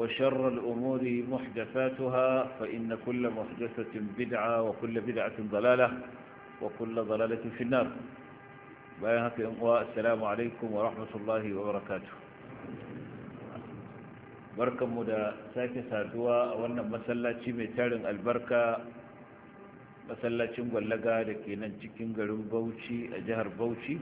وشر الأمور محدثاتها فإن كل محدثة بدعة وكل بدعة ضلالة وكل ضلالة في النار بيانك أمواء السلام عليكم ورحمة الله وبركاته بركة مدى ساكي سادوا وانا مسلا مسلاتي تارن البركة مسلا مسلاتي مغلقا لكي ننتكين غرم بوشي أجهر بوشي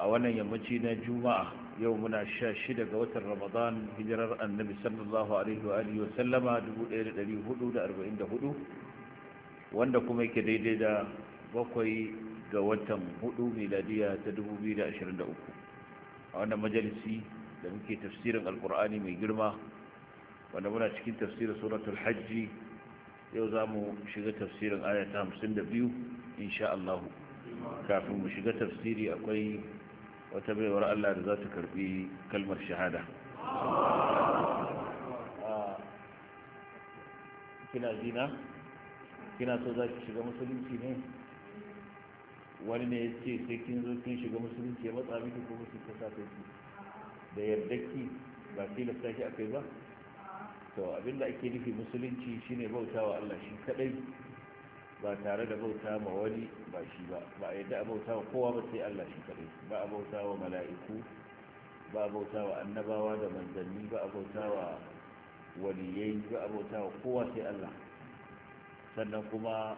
a wannan yammaci na juma'a yau muna sha shida ga watan ramadan hijirar annabi sallallahu alaihi wa alihi wasallama 1444 wanda kuma yake daidai da bakwai ga watan hudu miladiya ta 2023 a wannan majalisi da muke tafsirin alkur'ani mai girma wanda muna cikin tafsirin suratul hajji yau za mu shiga tafsirin ayata 52 insha Allah kafin mu shiga tafsiri akwai wata baiwar Allah da za ta karbi kalmar shahada ah, kina zina kina so za ki shiga musulunci ne wani ne ya ce sai kin zo kin shiga musulunci ya matsa miki ko musu ta safe da yarda ki ba tilasta ki akai ba to abinda ake nufi musulunci shine bautawa Allah shi kadai ba tare da bauta ma wani ba shi ba ba a yadda a wa kowa ba sai Allah shi kadai ba a bauta wa mala'iku ba a bauta wa annabawa da manzanni ba a bauta wa waliyai ba a bauta wa kowa sai Allah sannan kuma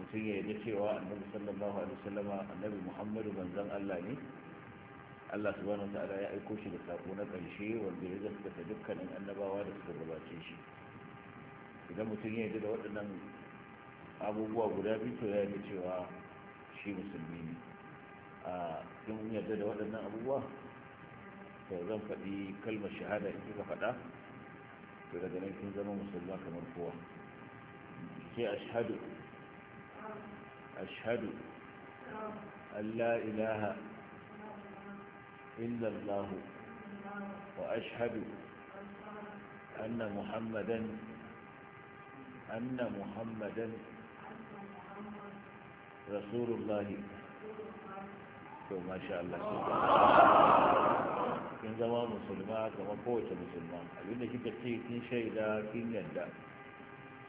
mutum ya yadda cewa annabi sallallahu alaihi wasallam annabi muhammadu manzon Allah ne Allah subhanahu wataala ya aiko shi da sako na ƙarshe wanda ya gaskata dukkanin annabawa da suka gabace shi idan mutum ya yadda da waɗannan abubuwa guda biyu to ya yi cewa shi musulmi ne a yin yarda da waɗannan abubuwa to zan faɗi kalmar shahada in kika faɗa to daga nan kin zama musulma kamar kowa sai ashhadu ashhadu Allah ilaha illa allah wa ashhadu anna muhammadan anna muhammadan rasulullahi to masha Allah kin zama musulma kamar kowace musulma abinda kika ce kin shaida kin yadda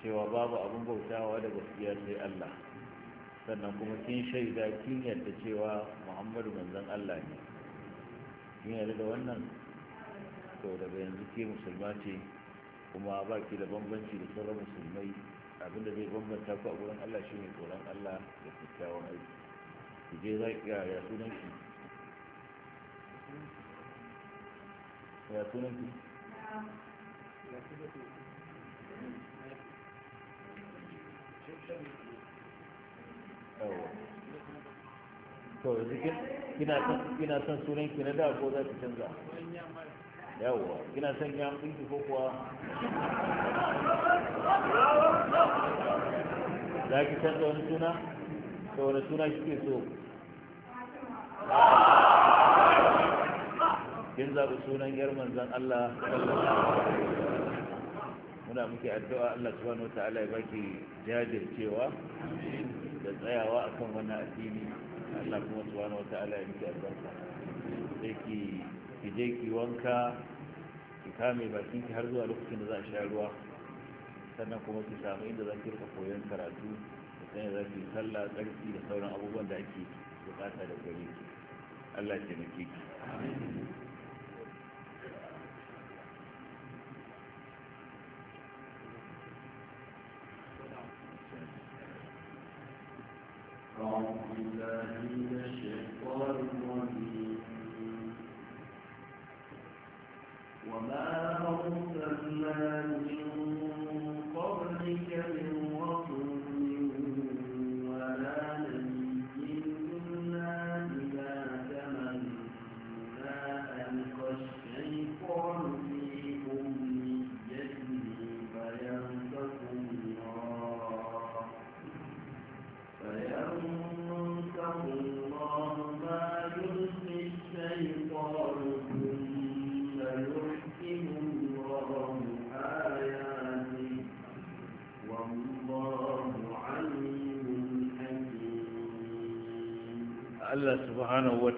cewa babu abin bautawa da gaskiya sai Allah sannan kuma kin shaida kin yadda cewa Muhammadu manzon Allah ne kin yarda da wannan to daga yanzu ke musulma ce kuma ba ki da bambanci da sauran musulmai abinda zai bambanta ku a gurin Allah shi ne tsoron Allah da kyakkyawan aiki ki je za ki ya sunan ki ya sunan ki to yanzu kina son sunan ki na da ko za ki canza yawwa kina son ya ɗinki ko kuwa za ki canza wani suna da wani suna kike so kin zaɓi sunan yar manzan Allah muna muke addu'a Allah subhanahu wata'ala ya baki jajircewa da tsayawa akan wannan addini Allah kuma subhanahu wata'ala ya miki albarka sai ki ki je ki wanka ki kame bakin ki har zuwa lokacin da za a sha ruwa sannan kuma ki samu inda za ki rika koyon karatu da sanya za ki sallah tsarki da sauran abubuwan da ake bukata da gare ki Allah ya taimake ki أعوذ بالله من الشيطان الرجيم وما أرسلنا من قبلك من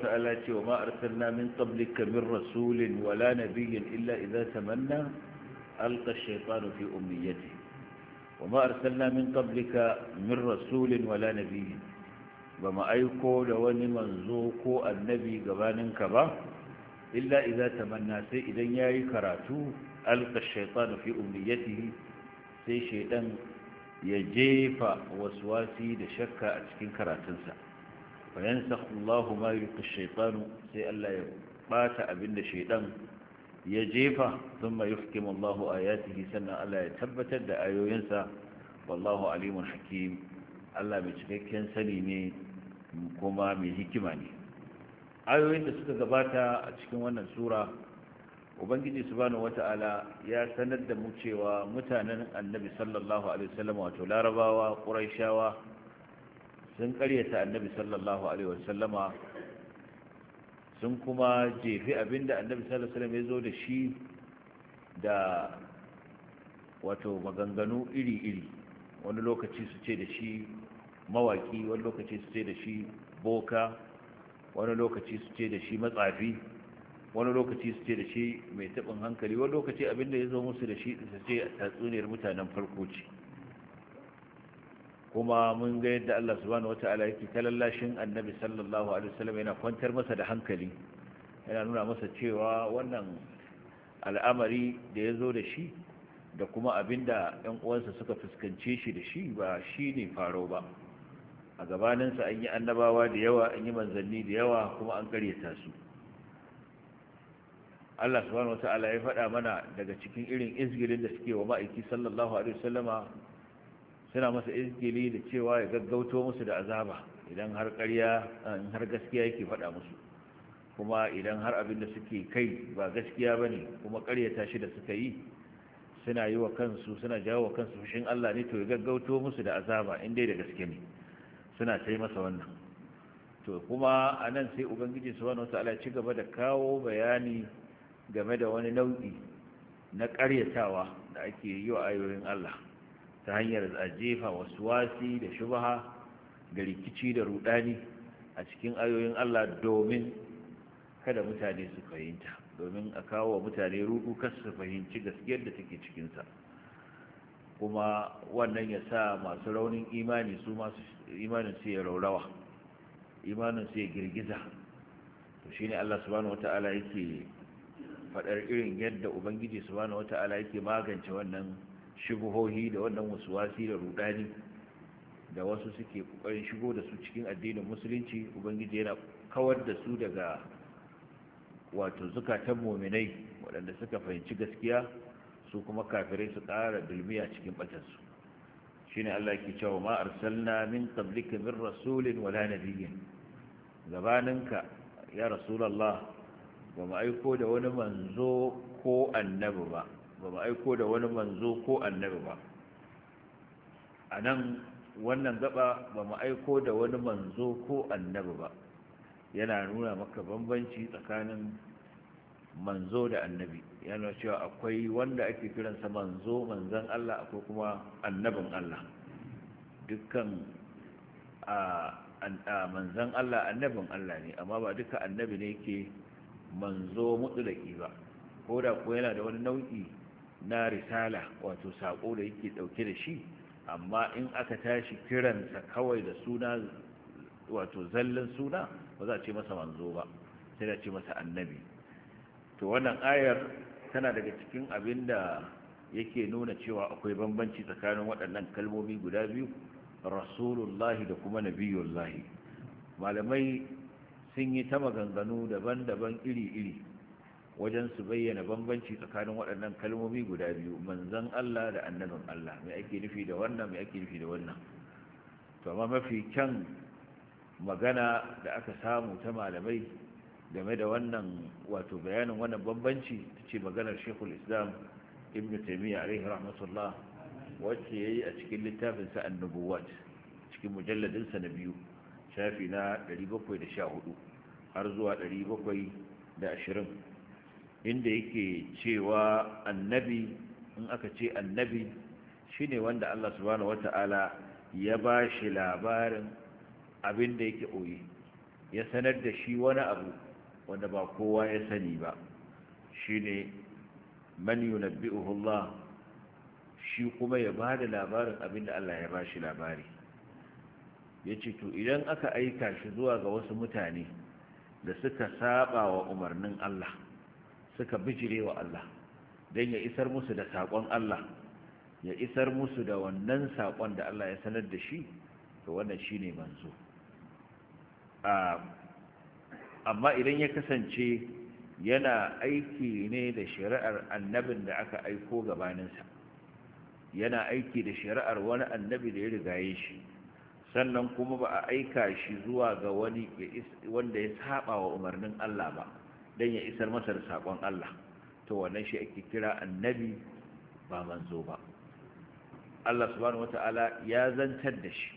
ta'ala ce wa ma namin min min rasulin wala na biyan illa idza tamanna alqa ash-shaytanu fi ummiyatihi wa ma namin min min rasulin wala na biyan ba mu aiko da wani manzo ko annabi gabaninka ba illa idza tamanna sai idan yayi karatu alqa ash-shaytanu fi ummiyatihi sai shaidan ya jefa wasu wasi da shakka a cikin karatunsa fa yansakhu ma yulqi shaytanu sai Allah ya bata abinda shaytan ya jefa thumma yuhkimu Allahu ayatihi sannan Allah ya tabbatar da ayoyinsa wallahu alimun hakim Allah mai cikakken sani ne kuma mai hikima ne ayoyin da suka gabata a cikin wannan sura ubangiji subhanahu wata'ala ya sanar da mu cewa mutanen annabi sallallahu alaihi wasallam wato larabawa quraishawa sun karyata annabi sallallahu alaihi wasallama sun kuma jefi abinda annabi sallallahu alaihi wasallam ya zo da shi da wato maganganu iri-iri wani lokaci su ce da shi mawaki wani lokaci su ce da shi boka wani lokaci su ce da shi matsafi wani lokaci su ce da shi mai taɓin hankali wani lokaci abinda ya zo musu da shi su ce tatsuniyar mutanen farko ce kuma mun ga yadda Allah subhanahu wata'ala yake kalallashin annabi sallallahu alaihi wasallam yana kwantar masa da hankali yana nuna masa cewa wannan al'amari da ya zo da shi da kuma abinda ɗan uwansa suka fuskance shi da shi ba shi ne faro ba a gabaninsa an yi annabawa da yawa an yi manzanni da yawa kuma an karyata su Allah subhanahu wata'ala ya faɗa mana daga cikin irin izgirin da suke wa ma'aiki sallallahu alaihi wasallama suna masa izgili da cewa ya gaggauto musu da azaba idan har ƙarya har gaskiya yake faɗa musu kuma idan har abin da suke kai ba gaskiya ba ne kuma ta shi da suka yi suna yi wa kansu suna jawo wa kansu fushin Allah ne to ya gaggauto musu da azaba in dai da gaske ne suna sai masa wannan to kuma a nan sai ubangiji su wani ala, ci gaba da kawo bayani game da wani nau'i na ƙaryatawa da ake yi wa ayoyin Allah ta hanyar jefa wasu wasi da shubaha ga rikici da rudani a cikin ayoyin Allah domin kada mutane su fahimta domin a kawo wa mutane rudu kasu su fahimci gaskiyar da take cikinsa kuma wannan ya sa masu raunin imani su masu imanin su ya raurawa imanin su ya girgiza to ne Allah subhanahu ta'ala yake faɗar irin yadda ubangiji subhanahu ta'ala yake magance wannan shubuhohi da wannan wasuwasi da rudani da wasu suke kokarin shigo da su cikin addinin musulunci ubangiji yana kawar da su daga wato zukatan muminai waɗanda suka fahimci gaskiya su kuma kafirai su ƙara dulmiya cikin Shi shine Allah yake cewa ma arsalna min qablika min rasulin wala nabiyyin gabaninka ya rasulullah ba mu aiko da wani manzo ko annabi ba ba ba aiko da wani manzo ko annabi ba a nan wannan gaba ba mu aiko da wani manzo ko annabi ba yana nuna maka bambanci tsakanin manzo da annabi yana cewa akwai wanda ake kiransa manzo manzan Allah akwai kuma annabin Allah dukkan a manzan Allah annabin Allah ne amma ba duka annabi ne ke manzo mutulaki ba ko da ko yana da wani nau'i na risala wato saƙo da yake ɗauke da shi amma in aka tashi kiransa kawai da suna wato zallan suna ba za a ce masa manzo ba sai da ce masa annabi to wannan ayar tana daga cikin abin da yake nuna cewa akwai bambanci tsakanin waɗannan kalmomi guda biyu rasulullahi da kuma nabiyullahi malamai sun yi ta maganganu daban-daban iri-iri wajen su bayyana bambanci tsakanin waɗannan kalmomi guda biyu manzan Allah da annabin Allah mai ake nufi da wannan mai ake nufi da wannan to amma mafi kyan magana da aka samu ta malamai game da wannan wato bayanin wannan bambanci ta ce maganar shekul Islam Ibn taimiyya alaihi rahmatullah wacce yi a cikin littafin sa'an nubuwat cikin mujalladinsa na biyu shafi na 714 har zuwa 720 inda yake cewa annabi in aka ce annabi shine wanda Allah subhanahu wata'ala ya ba shi labarin abin da yake oye ya sanar da shi wani abu wanda ba kowa ya sani ba shine man yunabbi'uhu Allah shi kuma ya ba da labarin abin da Allah ya ba shi labari Yace to idan aka aika shi zuwa ga wasu mutane da suka saba wa umarnin Allah suka bijire wa Allah don ya isar musu da saƙon Allah ya isar musu da wannan saƙon da Allah ya sanar da shi to wannan shi ne manzo amma idan ya kasance yana aiki ne da shari'ar annabin da aka aiko gabaninsa yana aiki da shari'ar wani annabi da ya rigaye shi sannan kuma ba a aika shi zuwa ga wani wanda ya saba wa umarnin Allah ba don ya isar masa da saƙon Allah to wannan shi ake kira annabi ba manzo ba Allah subhanahu wata'ala ya zantar da shi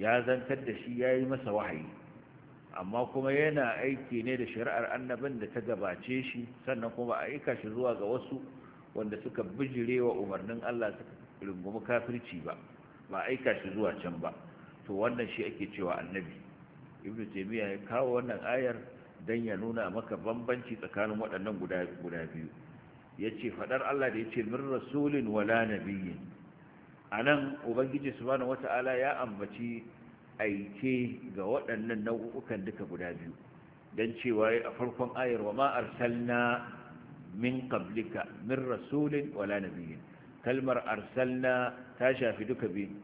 ya zantar da shi ya yi masa wahayi amma kuma yana aiki ne da shari'ar annabin da ta gabace shi sannan kuma a aika shi zuwa ga wasu wanda suka bijire wa umarnin Allah suka rungumi kafirci ba ba aika shi zuwa can ba to wannan shi ake cewa annabi ibnu taymiya ya kawo wannan ayar don ya nuna maka bambanci tsakanin waɗannan guda biyu ya ce faɗar Allah da ya ce min rasulin wala nabiyyin a nan ubangiji subhanahu wata'ala ya ambaci aike ga waɗannan nau'ukan duka guda biyu don cewa a farkon ayar wa ma arsalna min qablika min rasulin wala nabiyyin kalmar arsalna ta shafi duka biyu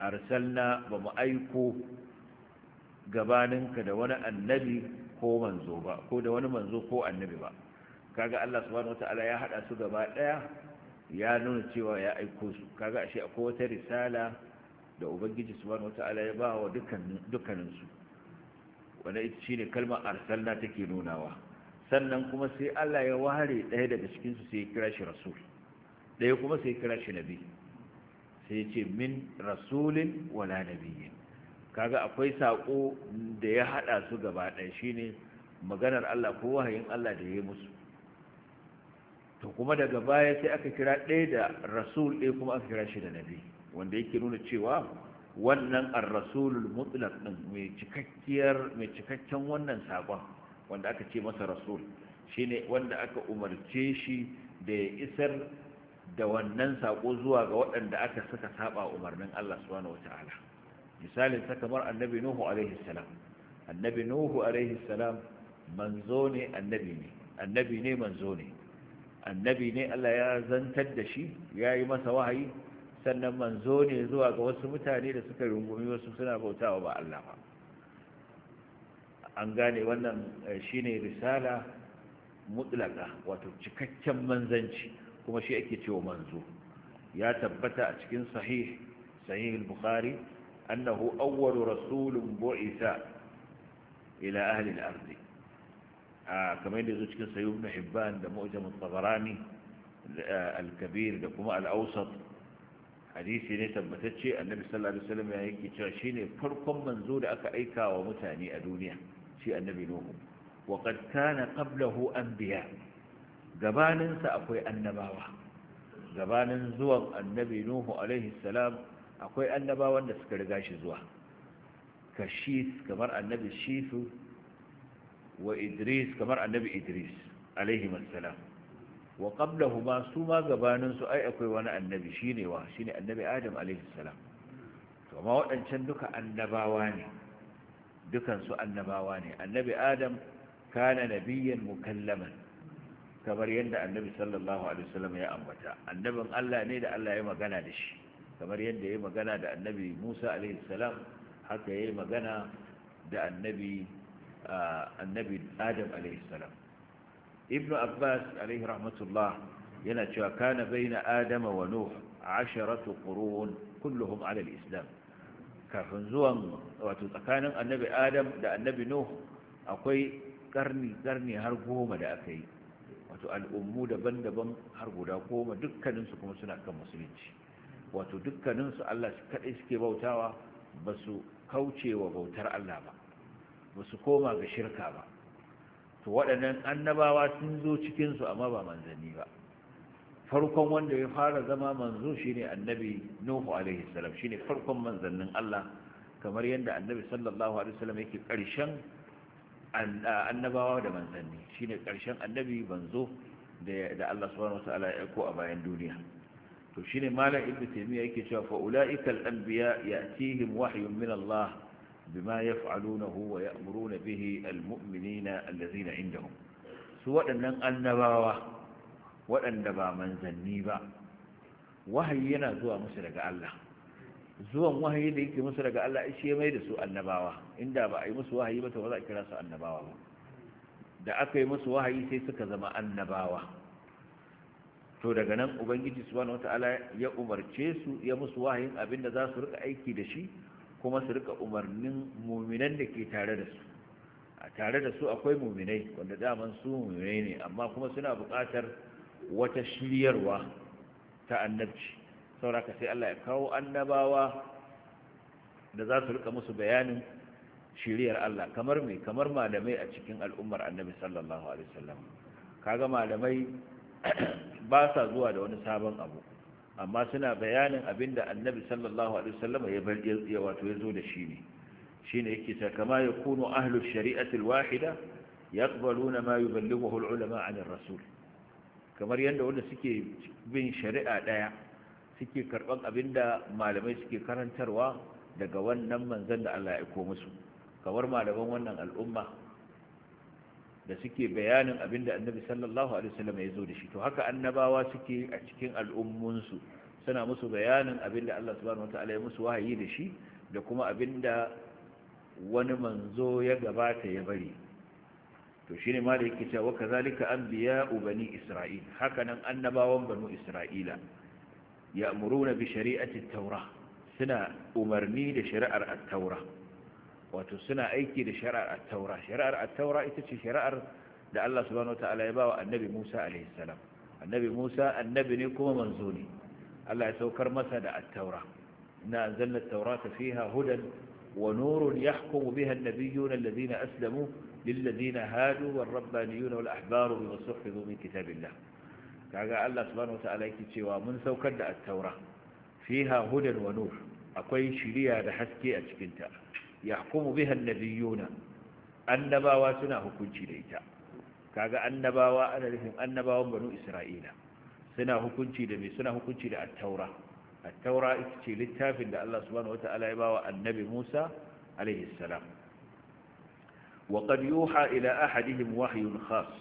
arsalna ba mu aiko gabaninka da wani annabi ko manzo ba ko da wani manzo ko annabi ba kaga Allah subhanahu wataala ya hada su gaba daya ya nuna cewa ya aiko su kaga ashe akwai wata risala da ubangiji subhanahu wataala ya ba wa dukkanin dukkanin su wanda ita shine kalmar arsalna take nunawa sannan kuma sai Allah ya ware daya daga cikin su sai ya kira shi rasul daya kuma sai ya kira shi nabi sai ya ce min rasulin wala nabiyyin kaga akwai saƙo da ya haɗa su gaba ɗaya shine maganar Allah ko wahayin Allah da ya yi musu to kuma daga baya sai aka kira ɗaya da rasul ɗaya kuma aka kira shi da nabi wanda yake nuna cewa wannan ar-rasulul mutlaq din mai cikakkiyar mai cikakken wannan saƙon wanda aka ce masa rasul shine wanda aka umarce shi da ya isar da wannan saƙo zuwa ga waɗanda aka saka saba umarnin Allah subhanahu wataala misalin ta kamar annabi nuhu alaihi salam annabi nuhu alaihi salam manzo ne annabi ne annabi ne manzo ne annabi ne Allah ya zantar da shi ya yi masa wahayi sannan manzo ne zuwa ga wasu mutane da suka rungumi wasu suna bautawa ba Allah ba an gane wannan eh, shine risala mutlaka wato cikakken manzanci kuma shi ake cewa manzo ya tabbata a cikin sahih sahih al-bukhari أنه أول رسول بعث إلى أهل الأرض آه كما يلي زوجك سيبن حبان ده مؤجم الطبراني الكبير ده كما الأوسط hadisi ne tabbatacce annabi sallallahu alaihi ya yake cewa shine farkon manzo da aka aika wa mutane a duniya shi annabi nuhu wa kana qablahu anbiya gabanin sa akwai annabawa gabanin zuwan annabi nuhu alaihi salam akwai annabawan da suka riga shi zuwa ka kamar annabi shisu wa idris kamar annabi idris alaihi masalam wa qablahuma su ma gabanin su ai akwai wani annabi shi ne wa shi ne annabi adam alaihi salam to amma waɗancan duka annabawa ne dukansu annabawa ne annabi adam kana nabiyyan mukallaman kamar yadda annabi sallallahu alaihi wasallam ya ambata annabin Allah ne da Allah ya magana da shi kamar yadda ya magana da annabi musa alaihi salam haka ya magana da annabi adam salam ibn abbas alaihi rahmatullah yana cewa kana na adama wa nuh asharatu qurun kulluhum ala islam kafin zuwan wato tsakanin annabi adam da annabi nuh akwai karni karni har goma da aka yi wato al'ummu daban-daban har guda goma dukkaninsu kuma suna kan musulunci wato dukkaninsu Allah kaɗai suke bautawa ba su kauce wa bautar Allah ba ba su koma ga shirka ba to waɗannan annabawa sun zo cikinsu amma ba manzanni ba farkon wanda ya fara zama manzo shine annabi nuhu alaihi salam shine farkon manzannin Allah kamar yadda annabi sallallahu alaihi wasallam yake ƙarshen annabawa da manzanni shine karshen annabi banzo da Allah subhanahu ta'ala ya aiko a bayan duniya to shine malam ibnu taymiya yake cewa fa ulaika al anbiya yatihim wahyun min Allah bima yaf'alunahu wa ya'muruna bihi al mu'minina allazina indahum su waɗannan annabawa waɗanda ba manzanni ba wahayi yana zuwa musu daga Allah zuwan wahayi da yake musu daga Allah shi mai da su annabawa inda ba a yi musu wahayi ba to ba za a kira su annabawa ba da aka yi musu wahayi sai suka zama annabawa to daga nan ubangiji subhanahu wata'ala ya umarce su ya musu wahayin abin da za su rika aiki da shi kuma su rika umarnin muminan da ke tare da su a tare da su akwai muminai wanda daman su muminai ne amma kuma suna buƙatar wata shiryarwa ta annabci sauraka sai Allah ya kawo annabawa da za su rika musu bayanin shiryar Allah kamar mai kamar malamai a cikin al'ummar annabi sallallahu alaihi wasallam kaga malamai ba sa zuwa da wani sabon abu amma suna bayanin abinda annabi sallallahu alaihi wasallam ya bar ya wato ya zo da shi ne shine yake ta kama kunu ahlu shari'ati alwahida yaqbaluna ma yuballighuhu alulama an rasul kamar yadda wanda suke bin shari'a daya suke karban abinda malamai suke karantarwa daga wannan manzon da Allah ya aiko musu kamar malaman wannan al'umma da suke bayanin abin da annabi sallallahu alaihi wasallam ya zo da shi to haka annabawa suke a cikin al'ummunsu suna musu bayanin abin da Allah subhanahu wataala ya musu wahayi da shi da kuma abin da wani manzo ya gabata ya bari to ne ma da yake cewa kazalika anbiya ubani isra'il haka nan annabawan banu isra'ila ya'muruna bi shari'ati at-taura suna umarni da shari'ar at-taura wato suna aiki da shari'ar at-taura shari'ar at-taura ita ce shari'ar da Allah subhanahu wataala ya bawa annabi Musa alaihi salam annabi Musa annabi ne kuma manzo ne Allah ya saukar masa da at-taura inna anzalna at-taurata fiha hudan wa nurun yahkumu biha an-nabiyyun alladhina aslamu للذين هادوا والربانيون والأحبار بما صحفظوا من كتاب الله كاغا الله سبحانه وتعالى yake cewa mun saukar da at-taura fiha hudan wa nur akwai shiriya da haske a cikin ta yahkumu biha annabiyuna annabawa suna hukunci da ita kaga annabawa ana nufin annabawan banu isra'ila suna hukunci da me suna hukunci da at-taura at-taura ita ce littafin da Allah subhanahu wata'ala ya bawa annabi Musa alaihi salam wa qad yuha ila ahadihim wahyun khas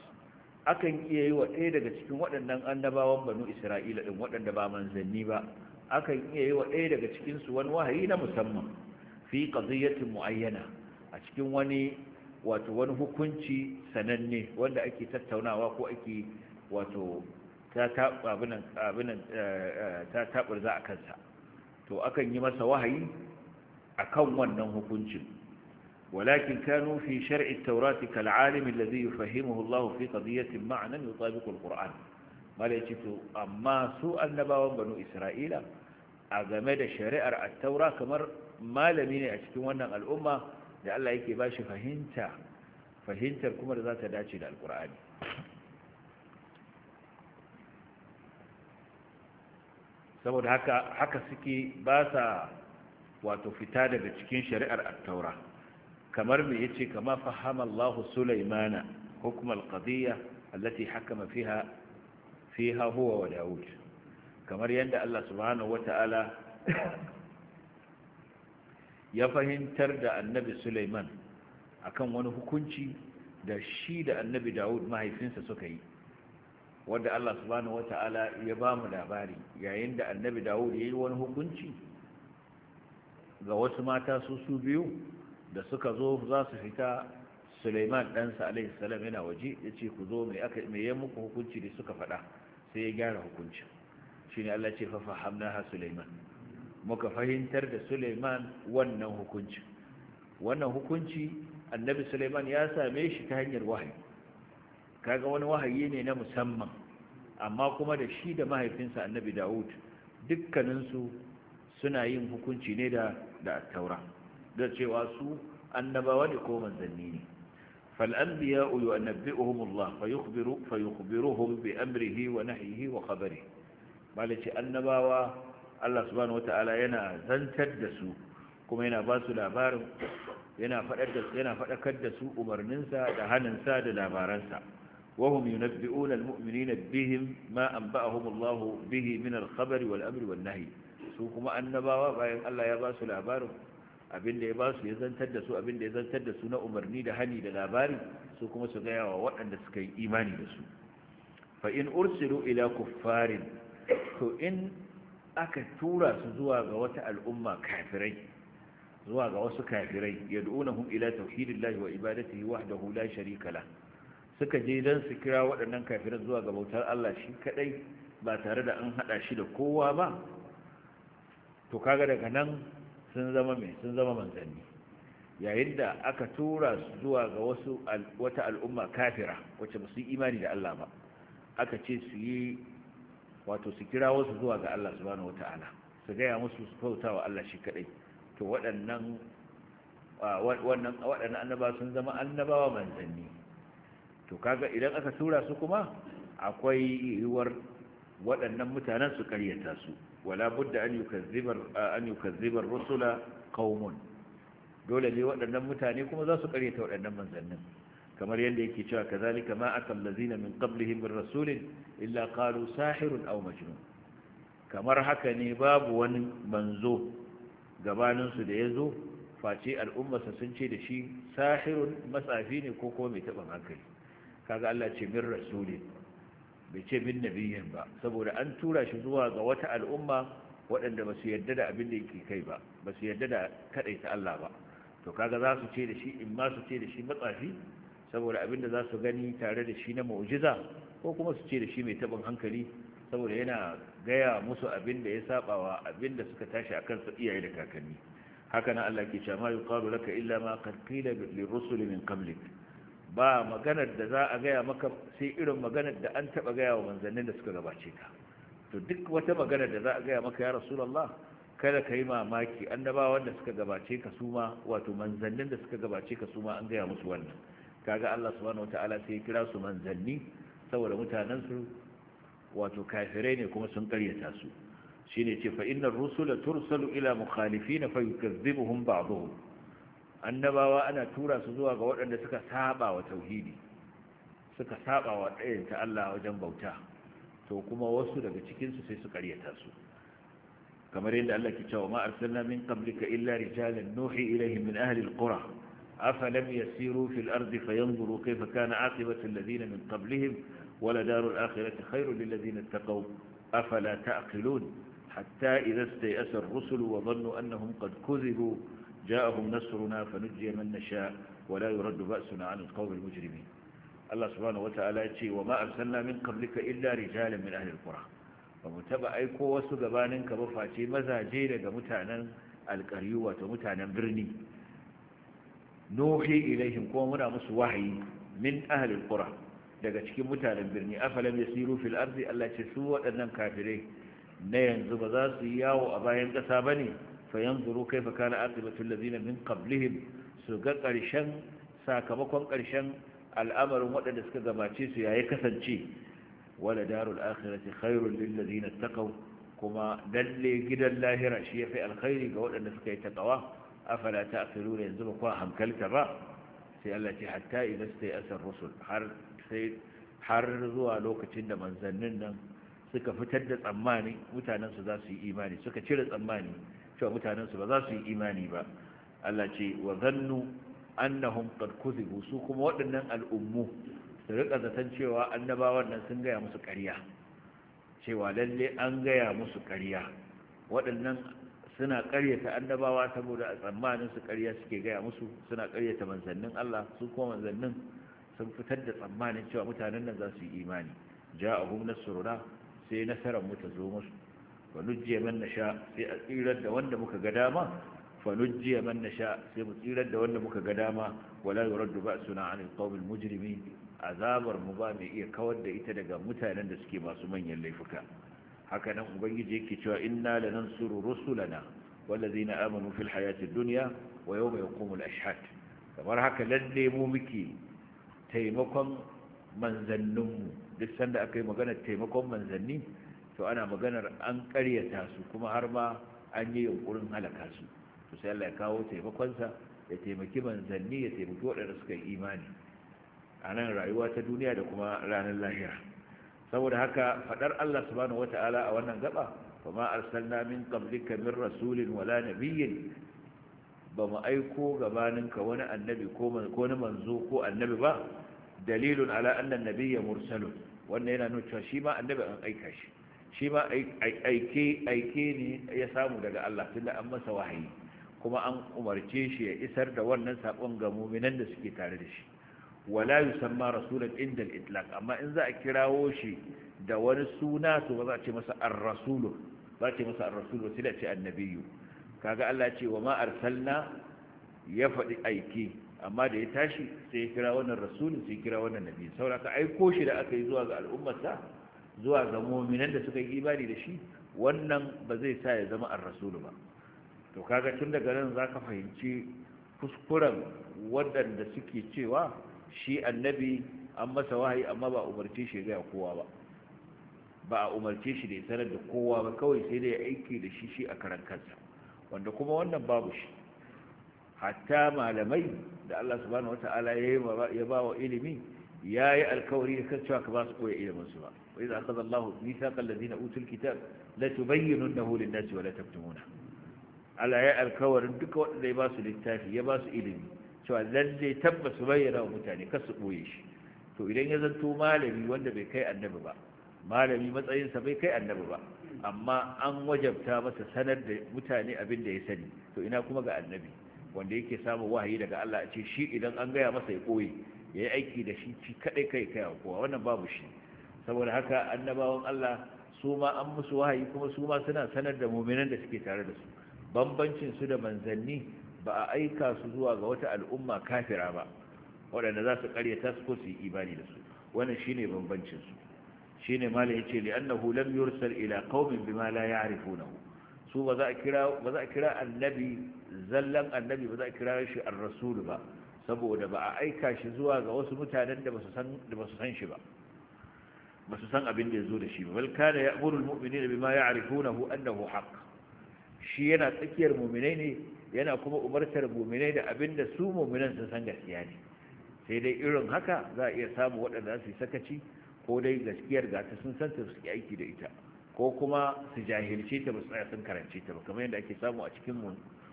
akan iya yi wa ɗaya daga cikin waɗannan annabawan banu isra'ila ɗin waɗanda ba manzanni ba akan iya yi wa ɗaya daga cikinsu wani wahayi na musamman fi qadiyatin muayyana a cikin wani wato wani hukunci sananne wanda ake tattaunawa ko ake wato ta taɓar eh, eh, za a kansa to akan yi masa wahayi a kan wannan hukuncin walakin kanu fi shar'i taurati kal'alimi lazi yi fahimuhu Allah fi qadiyatin ma'anan yi tsabiƙul ƙur'an malaci to amma su annabawan banu isra'ila a game da shari'ar attaura kamar malami ne a cikin wannan al'umma da Allah yake ba shi fahimta fahimtar kuma da za ta dace da alkur'ani saboda haka haka suke ba sa wato fita daga cikin shari'ar attaura kamar me yace kama fahama Allah Sulaimana hukm al-qadiyya allati hakama fiha fiha huwa wa Dawud kamar yanda Allah subhanahu wata'ala ya fahimtar da annabi Sulaiman akan wani hukunci da shi da annabi Dawud mahaifinsa suka yi wanda Allah subhanahu wata'ala ya ba mu labari yayin da annabi Dawud ya yi wani hukunci ga wasu mata su su biyu da suka zo za su fita Suleiman ɗansa alaihi salam yana waje ya ce ku zo mai ya muku hukunci da suka faɗa sai ya gyara hukuncin shine Allah ce fa ha Suleiman? muka fahimtar da Suleiman wannan hukunci wannan hukunci annabi Suleiman ya same shi ta hanyar wahayi kaga wani wahayi ne na musamman amma kuma da shi da mahaifinsa annabi Dawud dukkaninsu suna yin hukunci ne da da taura da cewa su annabawa ne ko manzanni ne فالأنبياء ينبئهم الله فيخبر فيخبرهم بأمره ونهيه وخبره مالك النباوة Allah subhanahu wata'ala yana zantar da su kuma yana ba su labarin yana faɗakar da su umarninsa da hannunsa da labaransa وهم ينبئون المؤمنين بهم ما أنبأهم الله به من الخبر والأمر والنهي سوكما أنباوا باين الله يباس العبار abin da ya ba su ya zantar da su abinda ya zantar da su na umarni da hani da labari su kuma su gaya wa waɗanda suka yi imani da su fa in ursilu ila kuffarin to in aka tura su zuwa ga wata al'umma kafirai zuwa ga wasu kafirai yad'unahum ila tauhidillahi wa ibadatihi wahdahu la sharika la suka je dan su kira waɗannan kafiran zuwa ga bautar Allah shi kadai ba tare da an hada shi da kowa ba to kaga daga nan sun zama mai sun zama manzanni yayin da aka tura su zuwa ga wasu wata al'umma kafira wacce ba su yi imani da Allah ba aka ce su yi wato su kira wasu zuwa ga Allah subhanahu wata'ala su gaya musu su kautawa Allah shi kadai to waɗannan waɗannan annaba sun zama annabawa manzanni to kaga idan aka tura su kuma akwai yiwuwar waɗannan mutanen su karyata su wala budda an yukazzibar an yukazzibar rusula qaumun dole ne waɗannan mutane kuma za su karyata waɗannan manzannin kamar yadda yake cewa kazalika ma a lazina min qablihim min rasulin illa qalu sahirun aw majnun kamar haka ne babu wani manzo gabanin su da yazo face al'ummarsa sun ce da shi sahirun matsafi ne ko kuma mai taɓin hankali kaga Allah ce min rasulin bai ce min nabiyin ba saboda an tura shi zuwa ga wata al'umma waɗanda ba su yarda da abin da yake kai ba ba su yarda da kaɗaita Allah ba to kaga za su ce da shi in ma su ce da shi matsafi saboda abin da za su gani tare da shi na mu'ujiza, ko kuma su ce da shi mai taɓin hankali saboda yana gaya musu abin da ya sabawa wa abin da suka tashi a kansa iyaye da kakanni haka na Allah ke cewa yuqalu laka illa ma qad qila lirrusul min qablik ba maganar da za a gaya maka sai irin maganar da an taɓa gaya wa manzannin da suka gabace ka to duk wata maganar da za a gaya maka ya rasulullah kada ka yi mamaki annabawa da suka gabace ka su ma wato manzannin da suka gabace ka su ma an gaya musu wannan kaga Allah subhanahu wataala sai kira su manzanni saboda mutanen su wato kafirai ne kuma sun karyata su shine ce fa innar rusula tursalu ila mukhalifin fa yukazzibuhum ba'dhum annabawa ana tura su zuwa ga waɗanda suka saba wa tauhidi suka saba wa ɗayan ta Allah wajen bauta to kuma wasu daga cikin su sai su karyata su kamar yadda Allah ke cewa ma arsalna min qablika illa rijalan nuhi ilaihim min ahli alqura أفلم يسيروا في الأرض فينظروا كيف كان عاقبة الذين من قبلهم ولدار الآخرة خير للذين اتقوا أفلا تعقلون حتى إذا استيأس الرسل وظنوا أنهم قد كذبوا جاءهم نصرنا فنجي من نشاء ولا يرد بأسنا عن القوم المجرمين الله سبحانه وتعالى يتشي وما أرسلنا من قبلك إلا رجالا من أهل القرى ومتبع أي قوة سقبانك بفاتي مزاجي لك متعنا القريوة ومتعنا برني nuhi ilaihim kuma muna musu wahayi min ahalin qura daga cikin mutanen birni afalam yasiru fil ardi Allah ce su waɗannan kafirai na yanzu ba za su yi yawo a bayan ƙasa bane fa yanzuru kaifa kana aqibatu allazina min qablihim su ga ƙarshen sakamakon ƙarshen al'amarin waɗanda suka gabace su yayi kasance wala darul akhirati khairul lil ladina taqaw kuma dalle gidan lahira shi yafi alkhairi ga waɗanda suka yi taqwa afala ta'qiluna yanzu ba ku hankalta ba sai Allah ce hatta idan sai asar rusul har har zuwa lokacin da manzannin nan suka fitar da tsammani mutanen su za su yi imani suka cire tsammani cewa mutanen su ba za su yi imani ba Allah ce wa zannu annahum qad kuzibu su kuma waɗannan al'ummu su rika zaton cewa annabawan nan sun gaya musu ƙarya cewa lalle an gaya musu ƙarya waɗannan suna karyata annabawa saboda a tsammanin su ƙarya suke gaya musu suna karyata manzannin Allah su kuma manzannin sun fitar da tsammanin cewa mutanen nan za su yi imani gumna surura sai nasarar mu ta zo musu fa nujjiya man nasha sai a tsirar da wanda muka ga dama fa nujjiya man nasha sai mu tsirar da wanda muka ga dama wala yuraddu suna an qawmil mujrimin azabar mu ba mai iya kawar da ita daga mutanen da suke masu manyan laifuka haka nan ubangiji yake cewa inna lanansuru rusulana wallazina amanu fil hayatid dunya wa yawma yaqumul ashhad kamar haka lalle mu muke taimakon manzanninmu duk sanda aka yi maganar taimakon manzanni to ana maganar an karyata su kuma har ma an yi yunkurin halaka su to sai Allah ya kawo taimakonsa ya taimaki manzanni ya taimaki waɗanda suka yi imani a nan rayuwa ta duniya da kuma ranar lahira saboda haka fadar Allah subhanahu wata'ala a wannan gaba kuma arsalna min qablika min rasulin wala nabiyyin ba mu aiko gabaninka wani annabi ko wani manzo ko annabi ba dalilun ala annan nabiyya mursalun wannan yana nuna cewa shi ma annabi an aika shi shi ma aike aike ne ya samu daga Allah tunda an masa wahayi kuma an umarce shi ya isar da wannan sakon ga mu'minan da suke tare da shi wala samma rasulan inda al-itlaq amma in za a kirawo shi da wani suna to ba za a ce masa ar rasulun ba ce masa ar rasulun sai da ce annabiyyu kaga Allah ce wa ma arsalna ya faɗi aiki amma da ya tashi sai ya kira wannan rasulun sai ya kira wannan saura ka aiko shi da aka yi zuwa ga al'ummarsa zuwa ga mu'minan da suka yi imani da shi wannan ba zai sa ya zama ar rasulun ba to kaga tun daga nan za ka fahimci kuskuren waɗanda suke cewa shi annabi an masa wahayi amma ba umarce shi ga kowa ba ba a umarce shi da sanar da kowa ba kawai sai da ya aiki da shi shi a karan kansa wanda kuma wannan babu shi hatta malamai da Allah subhanahu wata'ala ya ba wa ilimi ya yi alkawari da kan cewa ka ba su koya ilimin su ba wa idza akhadha Allahu mithaqa na utul kitab la tubayyinunahu lin-nasi wa la taktumuna ala ya alkawarin duka wanda ya ba su littafi ya ba su ilimi cewa lalle tabbas bayyana wa mutane kasu ɓoye shi to idan ya zanto malami wanda bai kai annabi ba malami matsayinsa bai kai annabi ba amma an wajabta masa sanar da mutane abin da ya sani to ina kuma ga annabi wanda yake samun wahayi daga Allah a ce shi idan an gaya masa ya koyi ya yi aiki da shi ci kaɗai kai kai kowa wannan babu shi saboda haka annabawan Allah su ma an musu wahayi kuma su ma suna sanar da muminan da suke tare da su bambancin su da manzanni ba a aika su zuwa ga wata al'umma kafira ba waɗanda za su ƙaryata su ko su yi imani da su wannan shine bambancin su shine malai yace li annahu lam yursal ila qaumin bima la ya'rifunahu su ba a kira ba za a kira annabi zallan annabi ba za a kira shi ar-rasul ba saboda ba a aika shi zuwa ga wasu mutanen da ba su san shi ba su san abin da yazo da shi ba bal kana ya'muru al-mu'minina bima hu, annahu haqq shi yana tsakiyar mu'minai ne yana kuma umartar muminai da abin da su muminan sun san gaskiya ne sai dai irin haka za a iya samu waɗanda su yi sakaci ko dai gaskiyar gata sun san ta su aiki da ita ko kuma su jahilce ta ba su tsaya sun karance ta ba kamar yadda ake samu a cikin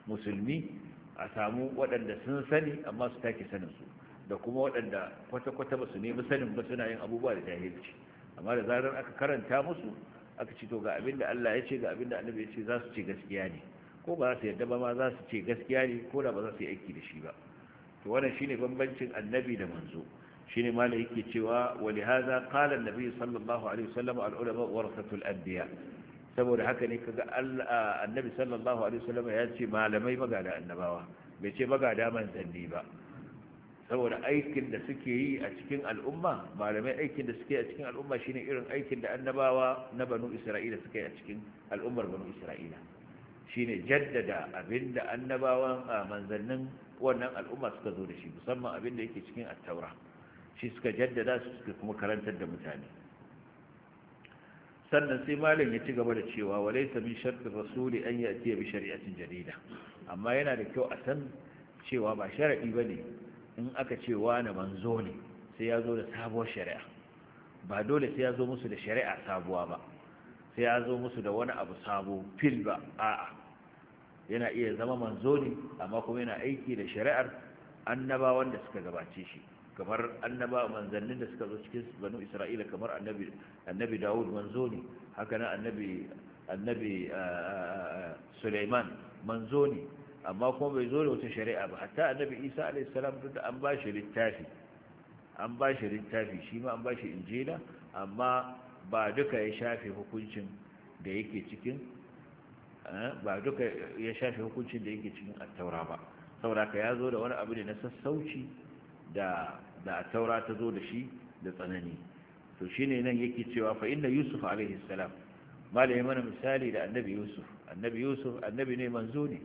musulmi a samu waɗanda sun sani amma su take sanin su da kuma waɗanda kwata-kwata ba su nemi sanin ba suna yin abubuwa da jahilci amma da zarar aka karanta musu aka ci to ga abin da Allah ya ce ga abin da Annabi ya ce za su ce gaskiya ne ko ba za su yadda ba ma za su ce gaskiya ne ko da ba za su yi aiki da shi ba to wannan shine bambancin annabi da manzo shine malai yake cewa wa lihaza qala annabi sallallahu alaihi wasallam al ulama warasatul anbiya saboda haka ne kaga annabi sallallahu alaihi wasallam ya ce malamai magada annabawa bai ce magada manzanni ba saboda aikin da suke yi a cikin al'umma malamai aikin da suke a cikin al'umma shine irin aikin da annabawa na banu isra'ila suka yi a cikin al'ummar banu isra'ila shine jaddada abinda annabawan a manzannin wannan al'umma suka zo da shi musamman abinda yake cikin attaura shi suka jaddada su suka kuma karantar da mutane sannan sai malam ya ci gaba da cewa walaysa min sharti rasuli an ya'ti bi shari'atin jadida amma yana da kyau a san cewa ba ba bane in aka ce wani manzo ne sai ya zo da sabuwar shari'a ba dole sai ya zo musu da shari'a sabuwa ba sai ya zo musu da wani abu sabo fil ba a'a yana iya zama manzo ne amma kuma yana aiki da shari'ar annabawan da suka gabace shi kamar annaba manzannin da suka zo cikin banu isra'ila kamar annabi annabi dawud manzo ne haka nan annabi annabi ah, ah, suleiman manzo ne amma kuma bai zo da wata shari'a ba hatta annabi isa alayhi salam duk an ba shi littafi an ba shi littafi shi ma an ba shi injila amma ba duka ya shafe hukuncin da yake cikin Eh, ba duka ya shafe hukuncin da yake cikin attaura ba saboda ka ya zo da wani abu ne na sassauci da attaura ta zo da shi da tsanani to shine nan yake cewa fa inna yusuf alaihi salam malai mana misali da annabi yusuf annabi yusuf annabi ne manzo ne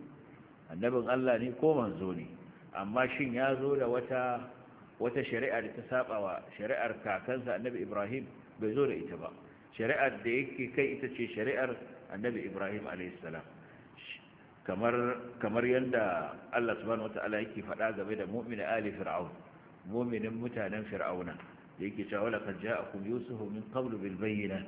annabin Allah ne ko manzo ne amma shin ya zo da wata wata shari'a da ta saba wa shari'ar kakansa annabi ibrahim bai zo da ita ba shari'ar da yake kai ita ce shari'ar annabi ibrahim alaihissalam kamar kamar yadda Allah subhanahu wataala yake faɗa game da mu'min ali fir'aun mu'minin mutanen fir'auna yake cewa laqad ja'akum Yusufu min qabl bil bayyinah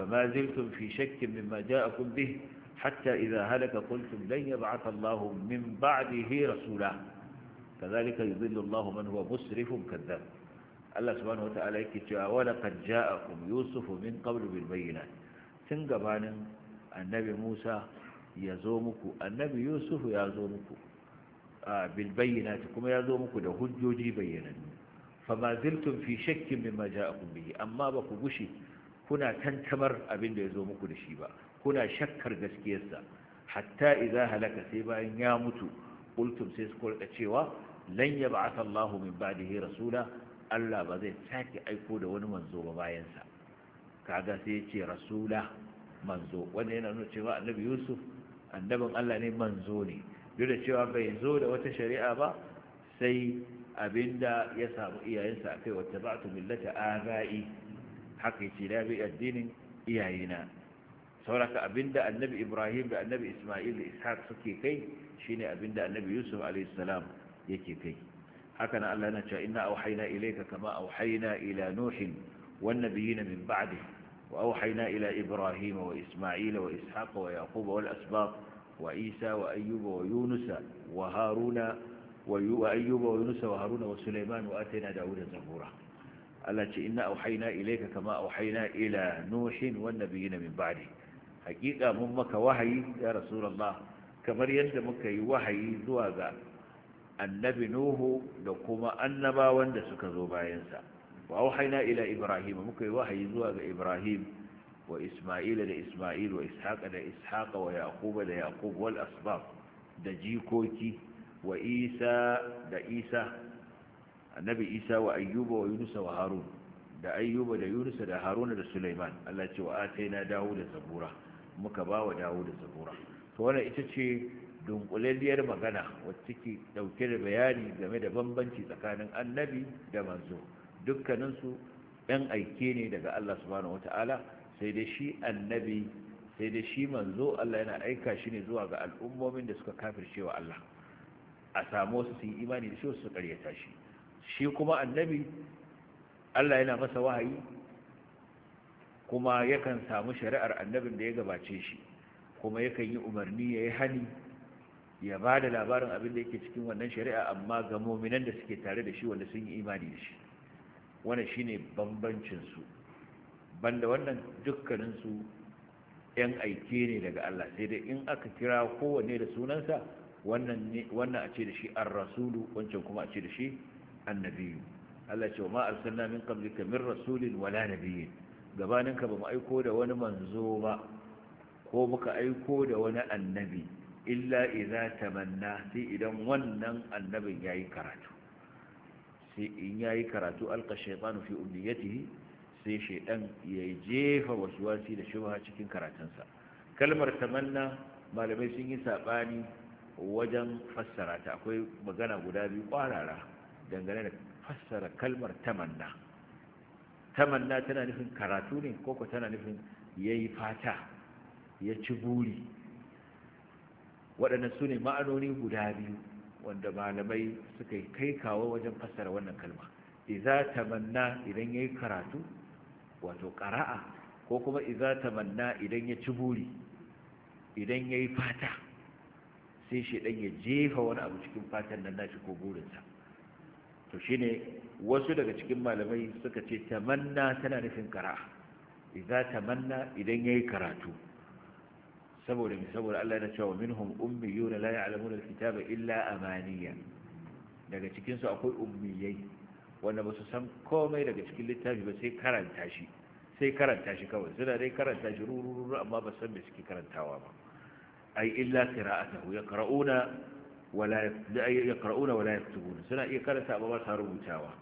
fama zaltum fi shakkin mimma ja'akum bih hatta idha halaka qultum lan yab'ath Allah min ba'dihi rasula kadhalika yudhillu Allah man huwa musrifun kadhab Allah subhanahu wataala yake cewa laqad ja'akum yusuf min qabl bil bayyinah tun gabanin annabi musa ya zo muku annabi yusuf ya zo muku bil bayyinati kuma ya zo muku da hujjoji bayyanannu fama ziltum fi shakkin mimma ja'akum bihi amma ba ku gushe kuna tantamar abin da ya zo muku da shi ba kuna shakkar gaskiyarsa hatta idza halaka sai bayan ya mutu qultum sai su rika cewa lan yab'atha Allahu min ba'dihi rasula Allah ba zai sake aiko da wani manzo ba bayan sa kaga sai ya ce rasula manzo wanda yana nuna cewa annabi yusuf annabin allah ne manzo ne duk da cewa bai zo da wata shari'a ba sai abinda ya samu iyayensa akai wata ba ta millata arai haka yace da bi addinin iyayena sauraka abinda annabi ibrahim da annabi isma'il da ishaq suke kai shine abinda annabi yusuf alayhi salam yake kai haka nan allah yana cewa inna auhayna ilayka kama auhayna ila nuhin wan nabiyina min ba'dihi وأوحينا إلى إبراهيم وإسماعيل وإسحاق ويعقوب والأسباط وعيسى وأيوب ويونس وهارون وأيوب ويونس وهارون وسليمان وآتينا داود زبورا التي إنا أوحينا إليك كما أوحينا إلى نوح والنبيين من بعده حقيقة ممك وحي يا رسول الله كما يندمك وحي ذوى النبي نوح لكما أنبا وندسك ذوبا ينسى wa auhayna ila ibrahim muka yi wahayi zuwa ga ibrahim wa isma'ila da isma'il wa ishaqa da ishaqa wa yaquba da yaqub wal asbab da jikoki wa isa da isa annabi isa wa ayyuba wa yunus wa harun da ayyuba da yunus da haruna da suleiman Allah ce wa ataina dawuda zabura muka ba wa dawuda zabura to wannan ita ce dunkulalliyar magana wacce ke dauke da bayani game da bambanci tsakanin annabi da manzo dukkaninsu ‘yan aike ne daga Allah subhanahu wata'ala sai dai shi annabi sai dai shi manzo Allah yana aika shi ne zuwa ga al'ummomin da suka kafirce wa Allah a samu su yi imani da shi su karyata shi shi kuma annabi Allah yana masa wahayi kuma yakan samu shari'ar annabin da ya gabace shi kuma yakan yi umarni ya yi hani ya ba da labarin abin da yake cikin wannan shari'a amma ga mominan da suke tare da shi wanda sun yi imani da shi wannan shine bambancin su banda wannan dukkaninsu yan aike ne daga Allah sai dai in aka kira kowanne da sunansa wannan a ce da shi an rasulu wancan kuma a ce da shi annabiyu Allah ce wa ma arsalna min qablika min rasulin wala nabiyyin gabaninka ba mu aiko da wani manzo ba ko muka aiko da wani annabi illa idza tamanna sai idan wannan annabin yayi karatu sai in yi karatu alka shaytanu fi umniyatihi sai shaidan ya jefa wasu wasi da shubha cikin karatunsa kalmar tamanna malamai sun yi saɓani wajen fassara ta akwai magana guda biyu kwarara dangane da fassara kalmar tamanna tamanna tana nufin karatu ne koko tana nufin ya yi fata ya ci buri waɗannan su ne ma'anoni guda biyu wanda malamai suka yi kai kawo wajen fassara wannan kalma iza tamanna idan yayi karatu wato qara'a ko kuma iza tamanna idan ya ci buri idan yayi fata sai shi dan ya jefa wani abu cikin fatan nan nashi ko burinsa to shine wasu daga cikin malamai suka ce tamanna tana nufin qara'a iza tamanna idan yayi karatu saboda mai saboda Allah na cewa minhum ummiyuna la ya'lamuna alkitaba illa amaniya daga cikin su akwai ummiyai wanda ba su san komai daga cikin littafi ba sai karanta shi sai karanta shi kawai suna dai karanta shi rururu amma ba san me suke karantawa ba ai illa qira'atuhu yaqra'una wala yaqra'una wala yaktubuna suna iya karanta amma ba sa rubutawa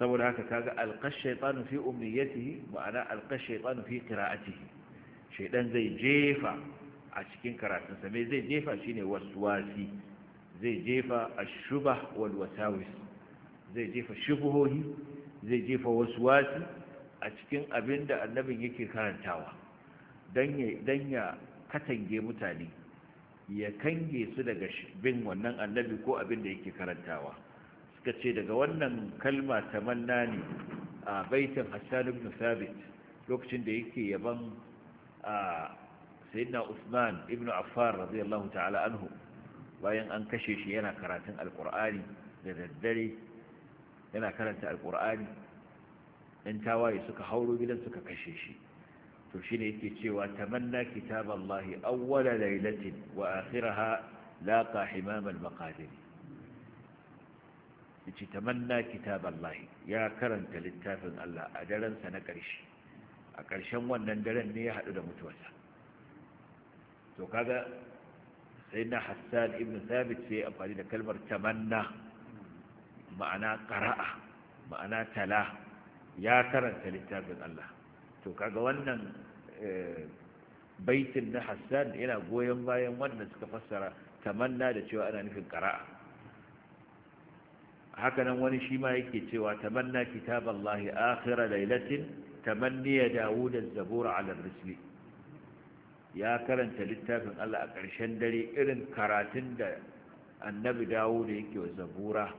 saboda haka kaga alqa shaytanu fi umniyatihi ma'ana alqa shaytanu fi qira'atihi shaidan zai jefa a cikin karatunsa mai zai jefa shine waswasi zai jefa ashubah wal wasawis zai jefa shubuhohi zai jefa waswasi a cikin abin da annabin yake karantawa don ya katange mutane ya kange su daga bin wannan annabi ko abin da yake karantawa suka ce daga wannan kalma tamanna ne a baitin hassan ibn sabit lokacin da yake yaban sayyidina Usman ibn Affan radiyallahu ta'ala anhu bayan an kashe shi yana karatun alkur'ani da daddare yana karanta alkur'ani 'yan tawaye suka hauro gidan suka kashe shi to shi ne yake cewa tamanna kitaballahi awwala lailatin wa akhiraha laqa himam al-maqadir yace tamanna kitaballahi ya karanta littafin Allah a daren sa na ƙarshe a ƙarshen wannan daren ne ya haɗu da mutuwarsa to kaga sai na hassan ibn sabit sai amfani da kalmar tamanna ma'ana ƙara'a ma'ana tala ya karanta littafin Allah to kaga wannan eh, baitin na hassan yana goyon bayan wannan suka fassara tamanna da cewa ana nufin ƙara'a hakanan wani shi ma yake cewa tamanna kitaballahi akhira lailatin tamanniya ya dawo da ala ar ya karanta littafin Allah a ƙarshen dare irin karatun da annabi dawud yake wa zabura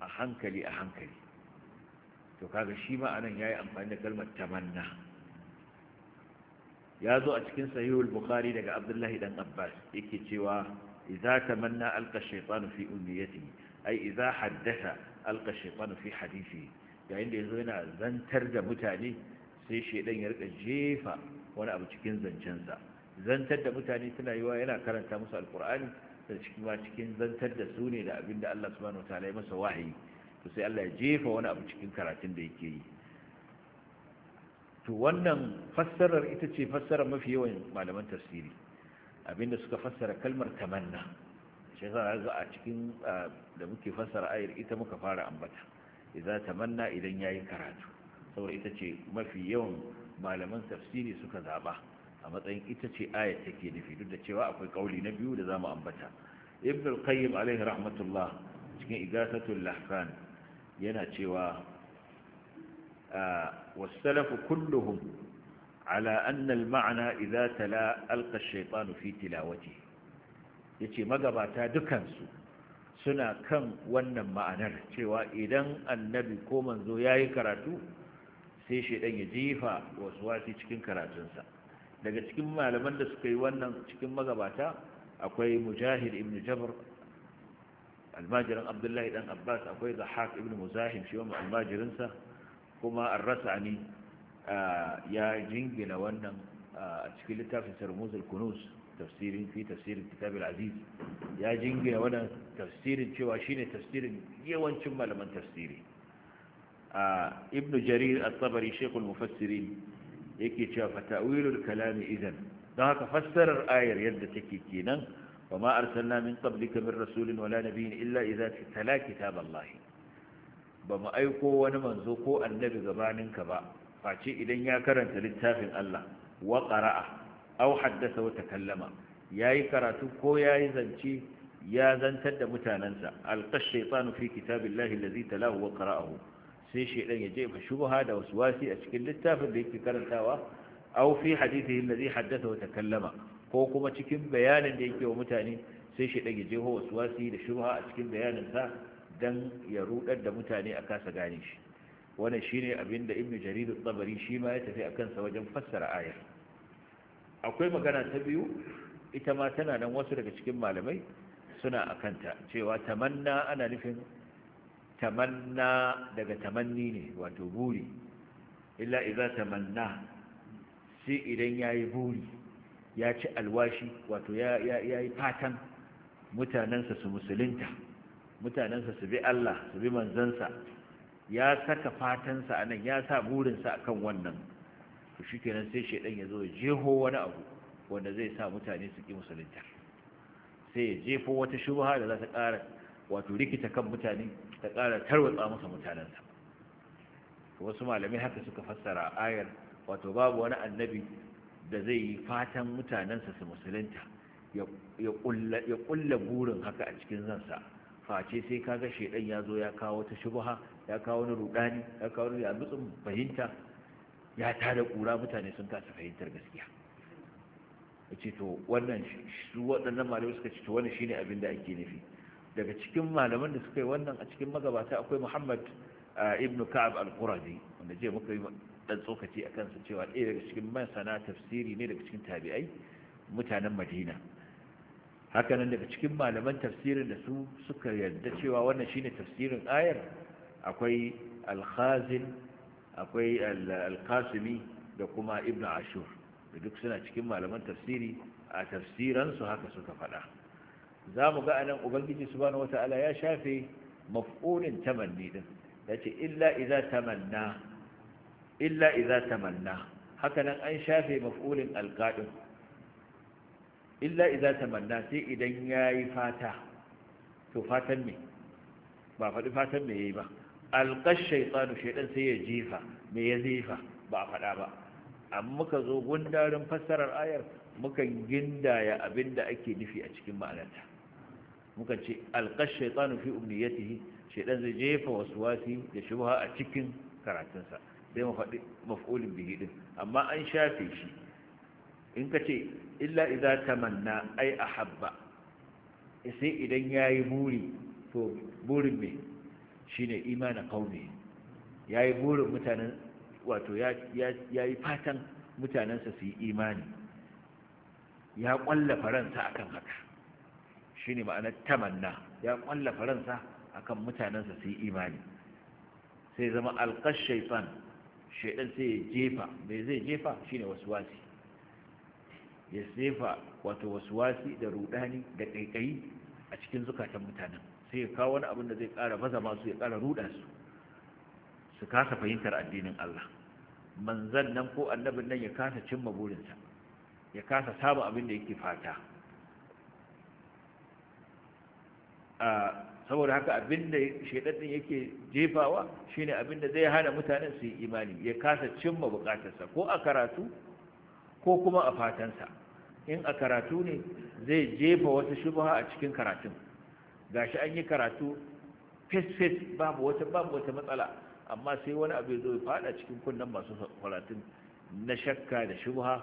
a hankali a hankali to kaga shi ma'anan anan yayi amfani da kalmar tamanna ya zo a cikin sahihul bukhari daga abdullahi dan abbas yake cewa idza tamanna alqa shaytanu fi umniyatihi ai idza haddatha alqa shaytanu fi hadithihi yayin da yazo yana zantar da mutane sai shaidan ya rika jefa wani abu cikin zancensa zantar da mutane suna yiwa yana karanta musu alkur'ani da cikin ma cikin zantar da su ne da abin da Allah subhanahu wataala ya masa wahayi to sai Allah ya jefa wani abu cikin karatun da yake yi to wannan fassarar ita ce fassarar mafi yawan malaman tafsiri abinda suka fassara kalmar tamanna shi yasa a cikin ah, da muke fassara ayar ita muka fara ambata idan tamanna idan yayi karatu saboda ita ce mafi yawan malaman tafsiri suka zaba a matsayin ita ce ayat take nufi duk da cewa akwai kauli na biyu da zamu ambata ibn al-qayyim alaihi rahmatullah cikin igasatul lahfan yana cewa والسلف كلهم على أن المعنى إذا تلا ألقى الشيطان في تلاوته yace magabata dukansu suna kan wannan ma'anar cewa idan annabi ko manzo yayi karatu sai shaidan ya jefa wasu wasi cikin karatunsa daga cikin malaman da suka yi wannan cikin magabata akwai mujahid ibn jabr almajirin abdullahi dan abbas akwai zahak ibn muzahim shi wani almajirinsa kuma ni ya jingina wannan a cikin littafin sarmuzul kunus tafsirin fi tafsirin kitab aziz ya jingina wannan tafsirin cewa shine tafsirin yawancin malaman tafsiri A ibnu jarir as-sabari shaykhul mufassirin yake cewa fa kalami idan don haka fassarar ayar yadda take kenan wa ma arsalna min qablika min rasulin wala nabiyyin illa idza tala kitaballahi ba mu aiko wani manzo ko annabi gabaninka ba face idan ya karanta littafin Allah wa qara'a aw haddatha wa takallama yayi karatu ko yayi zance ya zantar da mutanensa alqash shaytanu fi kitabillahi allazi talahu wa qara'ahu sai shaidan ya je ba shubha da wasi a cikin littafin da yake karantawa aw fi hadithihi alladhi haddatha wa takallama ko kuma cikin bayanin da yake wa mutane sai shaidan ya je ho waswasi da shubha a cikin bayanin sa dan ya rudar da mutane a kasa gane shi wannan shine abinda ibnu jarir at-tabari shi ma ya tafi akan sa wajen fassara ayar akwai magana ta biyu ita ma tana nan wasu daga cikin malamai suna akanta cewa tamanna ana nufin tamanna daga tamanni ne wato buri illa idza tamanna sai idan yayi buri ya ci alwashi wato ya yayi fatan mutanansa su musulunta mutanansa su bi Allah su bi manzansa ya saka fatansa anan ya sa burinsa a kan wannan to kenan sai shedan ya zo ya jeho wani abu wanda zai sa mutane su ki musulunta sai ya jefo wata shubha da za ta ƙara wato rikita kan mutane ta ƙara tarwatsa masa mutanensa wasu malamai haka suka fassara ayar wato babu wani annabi da zai yi fatan mutanensa su musulunta ya ƙulla burin haka a cikin zansa face sai kaga shaidan ya zo ya kawo ta shubha ya kawo wani rudani ya kawo wani yabutsun fahimta ya tada kura mutane sun kasa fahimtar gaskiya ce to wannan su waɗannan malamai suka ce to wannan shine abin da ake nufi daga cikin malaman da suka yi wannan a cikin magabata akwai muhammad eh, ibn ka'ab al-qurazi wanda je muka yi dan tsokaci a kansa cewa ɗaya daga cikin masana tafsiri ne daga cikin tabi'ai mutanen madina hakanan daga cikin malaman tafsirin da su suka yarda cewa wannan shine tafsirin ayar akwai al-khazin akwai al-qasimi da kuma ibn ashur da duk suna cikin malaman tafsiri a tafsiransu haka suka faɗa za mu ga anan ubangiji subhanahu wataala ya shafe maf'ulin tamanni din yace illa idza tamanna illa idza tamanna hakanan an shafe maf'ulin alqadim illa idza tamanna sai idan yayi fata to fatan me ba faɗi fatan me yayi ba alqash shaytanu shaydan sai ya jifa me ya jifa ba a faɗa ba amma muka zo gundarin fassarar ayar mukan gindaya abinda ake nufi a cikin ma'anarta muka ce alƙash shaitanu fi umniyatihi shaitan zai jefa waswasi da shubha a cikin karatunsa sai mu faɗi maf'ulin bihi din amma an shafe shi in ka ce illa idza tamanna ai ahabba sai idan yayi buri to burin me shine imanin qaumi yayi burin mutanen wato yayi fatan mutanensa su yi imani ya ƙwalla faransa akan haka shine ma'anar tamanna ya kwalla faransa akan mutanensa su yi imani sai zama alƙas shaifan shaidan sai ya jefa mai zai jefa shine wasi. ya sefa wato wasi da rudani da ƙaiƙayi a cikin zukatan mutanen sai ya kawo wani abin da zai ƙara baza masu ya ƙara ruda su su kasa fahimtar addinin Allah manzan nan ko annabin nan ya kasa cimma burinsa ya kasa samun abin da yake fata saboda haka abin abinda shaidatin yake jefawa shine abinda zai hana mutanen su yi imani ya kasa cimma bukatarsa ko a karatu ko kuma a fatansa in a karatu ne zai jefa wata shubha a cikin karatun gashi an yi karatu fes-fes babu wata babu wata matsala amma sai wani abu zai fada cikin kunnen masu karatun na shakka da shubha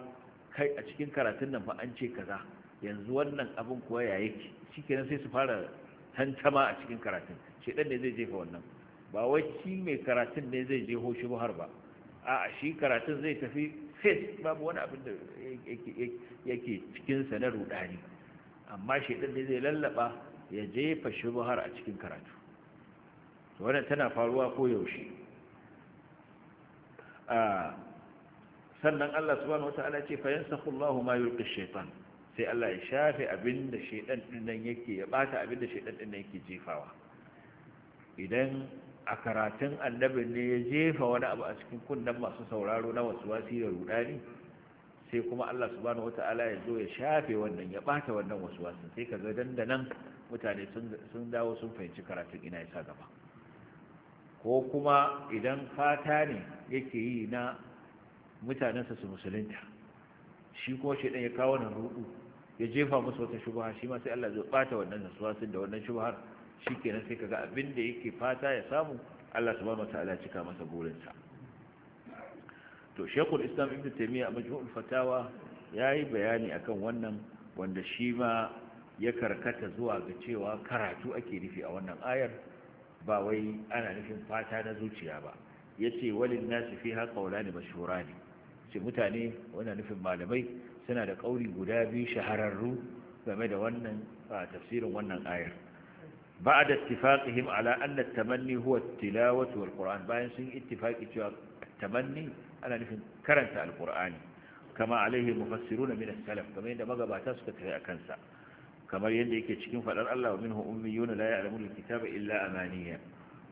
kai a cikin karatun nan fa an ce kaza yanzu wannan abin kuwa ya yake shikenan sai su fara tantama a cikin karatun shedan ne zai jefa wannan ba wai shi mai karatun ne zai jeho shi buhar ba a shi karatun zai tafi face babu wani abin da yake cikin sa na rudani amma shedan ne zai lallaba ya jefa shi buhar a cikin karatu wannan tana faruwa ko yaushe sannan Allah subhanahu ala ce fa yansakhu Allahu ma yulqi shaitan. sai Allah ya shafe abin da shaidan dinnan yake ya bata abin da shaidan dinnan yake jefawa idan a karatun annabi ne ya jefa wani abu a cikin kunnen masu sauraro na wasu wasi da rudani sai kuma Allah subhanahu wata'ala ya zo ya shafe wannan ya bata wannan wasu wasu sai ka ga dandanan mutane sun dawo sun fahimci karatun ina ya sa gaba ko kuma idan fata ne yake yi na mutanensa su musulunta shi kuma shaidan ya kawo nan rudu ya jefa musu wata shubaha, shi ma sai Allah zai bata wannan sun da wannan ke shikenan sai kaga abin da yake fata ya samu Allah subhanahu wataala cika masa burinsa to Sheikhul Islam Ibn Taymiyyah a Majmu'ul Fatawa yi bayani akan wannan wanda shi ma ya karkata zuwa ga cewa karatu ake nufi a wannan ayar ba wai ana nufin fata na zuciya ba yace walin nasu fiha qawlani mashhurani ce mutane wannan nufin malamai suna da kauri guda biyu shahararru game da wannan tafsirin wannan ayar ba'da ittifaqihim ala anna da tamanni huwa at-tilawati bayan sun ittifaqi cewa at-tamanni ana nufin karanta Alƙur'ani. kama alaihi mufassiruna min as-salaf kamar yadda magabata suka tafi a kansa. kamar yadda yake cikin faɗar Allah wa minhu ummiyuna la ya'lamuna kitaba illa amaniya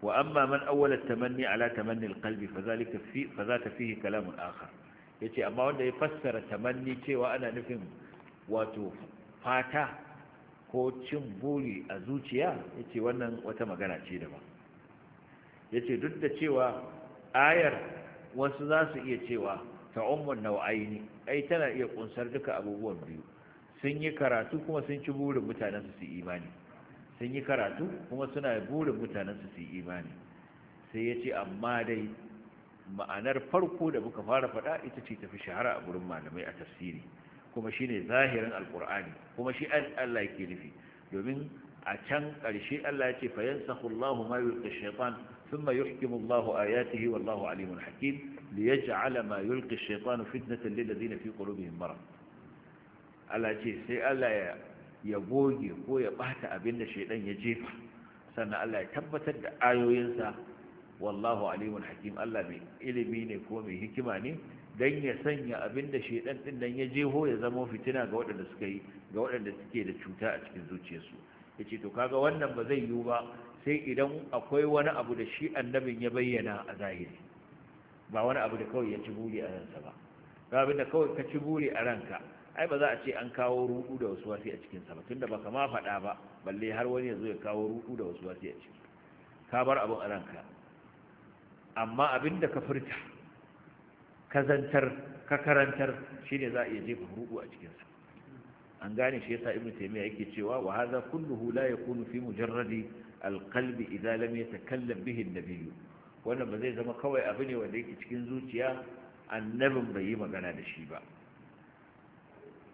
wa amma man awwala tamanni ala tamanni alqalbi fa fi ta fihi kalamun akhar ya ce amma wanda ya fassara tamanni cewa ana nufin wato fata ko cin buri a zuciya ya ce wannan wata magana ce da ba ya ce duk da cewa ayar wasu za su iya cewa ta umar ai tana iya kunsar duka abubuwan biyu sun yi karatu kuma sun ci burin mutanen su su imani sun yi karatu kuma suna burin mutanen su su imani sai ya ce amma dai ma'anar farko da muka fara faɗa ita ce tafi shahara a gurin malamai a tafsiri kuma shine zahirin alkur'ani kuma shi Allah yake nufi domin a can ƙarshe Allah ya ce fa yansakhu Allahu ma yulqi ash-shaytan thumma yuhkimu Allahu ayatihi wallahu alimun hakim liyaj'ala ma yulqi ash-shaytanu fitnatan lil ladina fi qulubihim mara Allah ce sai Allah ya ya goge ko ya bata abin da ya jefa sannan Allah ya tabbatar da ayoyinsa wallahu alimun hakim Allah mai ilimi ne ko mai hikima ne dan ya sanya abinda shedan din dan ya jeho ya zama fitina ga waɗanda suka yi ga waɗanda suke da cuta a cikin zuciyarsu yace to kaga wannan ba zai yiwu ba sai idan akwai wani abu da shi annabin ya bayyana a zahiri ba wani abu da kawai ya ci buri a ransa ba ga abinda kawai ka ci buri a ranka ai ba za a ce an kawo rudu da wasu wasi a cikin sa ba tunda baka ma faɗa ba balle har wani ya zo ya kawo rudu da wasu wasi a ciki ka bar abin a ranka amma abinda da ka furta ka zantar ka karantar shine za a iya jefa rubu a cikinsa an gane shi yasa ibnu taymiya yake cewa wa hadha kulluhu la yakunu fi mujarradi alqalbi idza lam yatakallam bihi an-nabiy wannan ba zai zama kawai abu ne wanda yake cikin zuciya annabin bai yi magana da shi ba